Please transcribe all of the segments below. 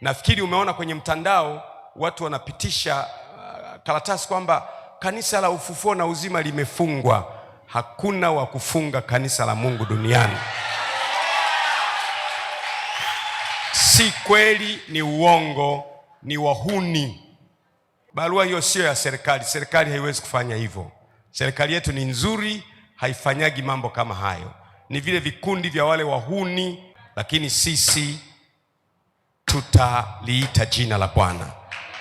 Nafikiri umeona kwenye mtandao watu wanapitisha uh, karatasi kwamba kanisa la ufufuo na uzima limefungwa. Hakuna wa kufunga kanisa la Mungu duniani. Si kweli, ni uongo, ni wahuni. Barua hiyo siyo ya serikali. Serikali haiwezi kufanya hivyo. Serikali yetu ni nzuri, haifanyagi mambo kama hayo. Ni vile vikundi vya wale wahuni, lakini sisi tutaliita jina la Bwana.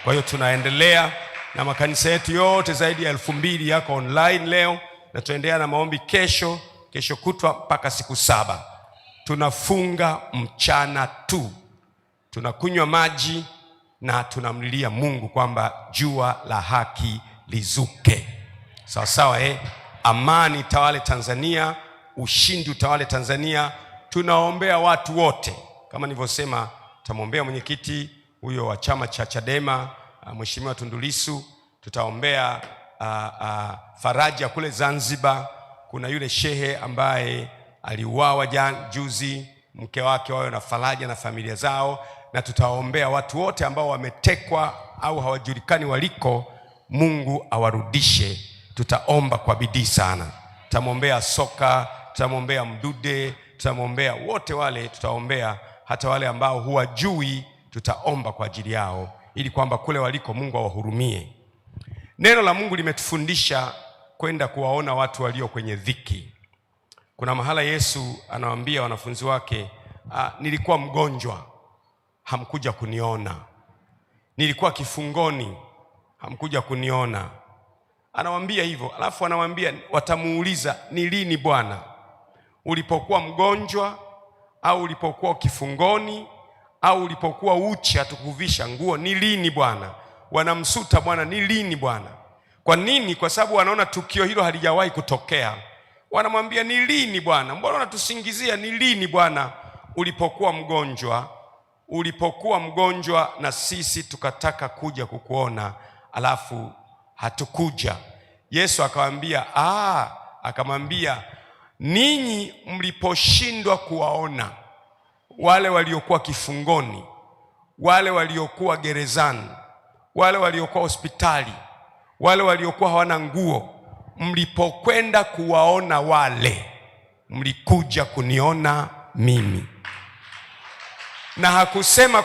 Kwa hiyo tunaendelea na makanisa yetu yote zaidi ya elfu mbili yako online leo, na tunaendelea na maombi kesho, kesho kutwa mpaka siku saba. Tunafunga mchana tu, tunakunywa maji na tunamlilia Mungu kwamba jua la haki lizuke, sawa sawa, eh? Amani tawale Tanzania, ushindi utawale Tanzania. Tunaombea watu wote kama nilivyosema tutamwombea mwenyekiti huyo wa chama cha Chadema ah, Mheshimiwa tundulisu tutaombea a, ah, a, ah, faraja kule Zanzibar. Kuna yule shehe ambaye aliuawa juzi, mke wake wawe na faraja na familia zao, na tutawaombea watu wote ambao wametekwa au hawajulikani waliko, Mungu awarudishe. Tutaomba kwa bidii sana, tutamwombea Soka, tutamwombea Mdude, tutamwombea wote wale, tutaombea hata wale ambao huwajui tutaomba kwa ajili yao, ili kwamba kule waliko Mungu awahurumie. Neno la Mungu limetufundisha kwenda kuwaona watu walio kwenye dhiki. Kuna mahala Yesu anawaambia wanafunzi wake, a, ah, nilikuwa mgonjwa hamkuja kuniona, nilikuwa kifungoni hamkuja kuniona. anawambia hivyo, alafu anawambia watamuuliza, ni lini Bwana ulipokuwa mgonjwa au ulipokuwa kifungoni au ulipokuwa uchi hatukuvisha nguo? Ni lini Bwana? Wanamsuta Bwana, ni lini Bwana? Kwa nini? Kwa sababu wanaona tukio hilo halijawahi kutokea. Wanamwambia, ni lini Bwana? Mbona unatusingizia? Ni lini Bwana ulipokuwa mgonjwa, ulipokuwa mgonjwa na sisi tukataka kuja kukuona, alafu hatukuja? Yesu akamwambia, ah, akamwambia ninyi mliposhindwa kuwaona wale waliokuwa kifungoni, wale waliokuwa gerezani, wale waliokuwa hospitali, wale waliokuwa hawana nguo, mlipokwenda kuwaona wale, mlikuja kuniona mimi. Na hakusema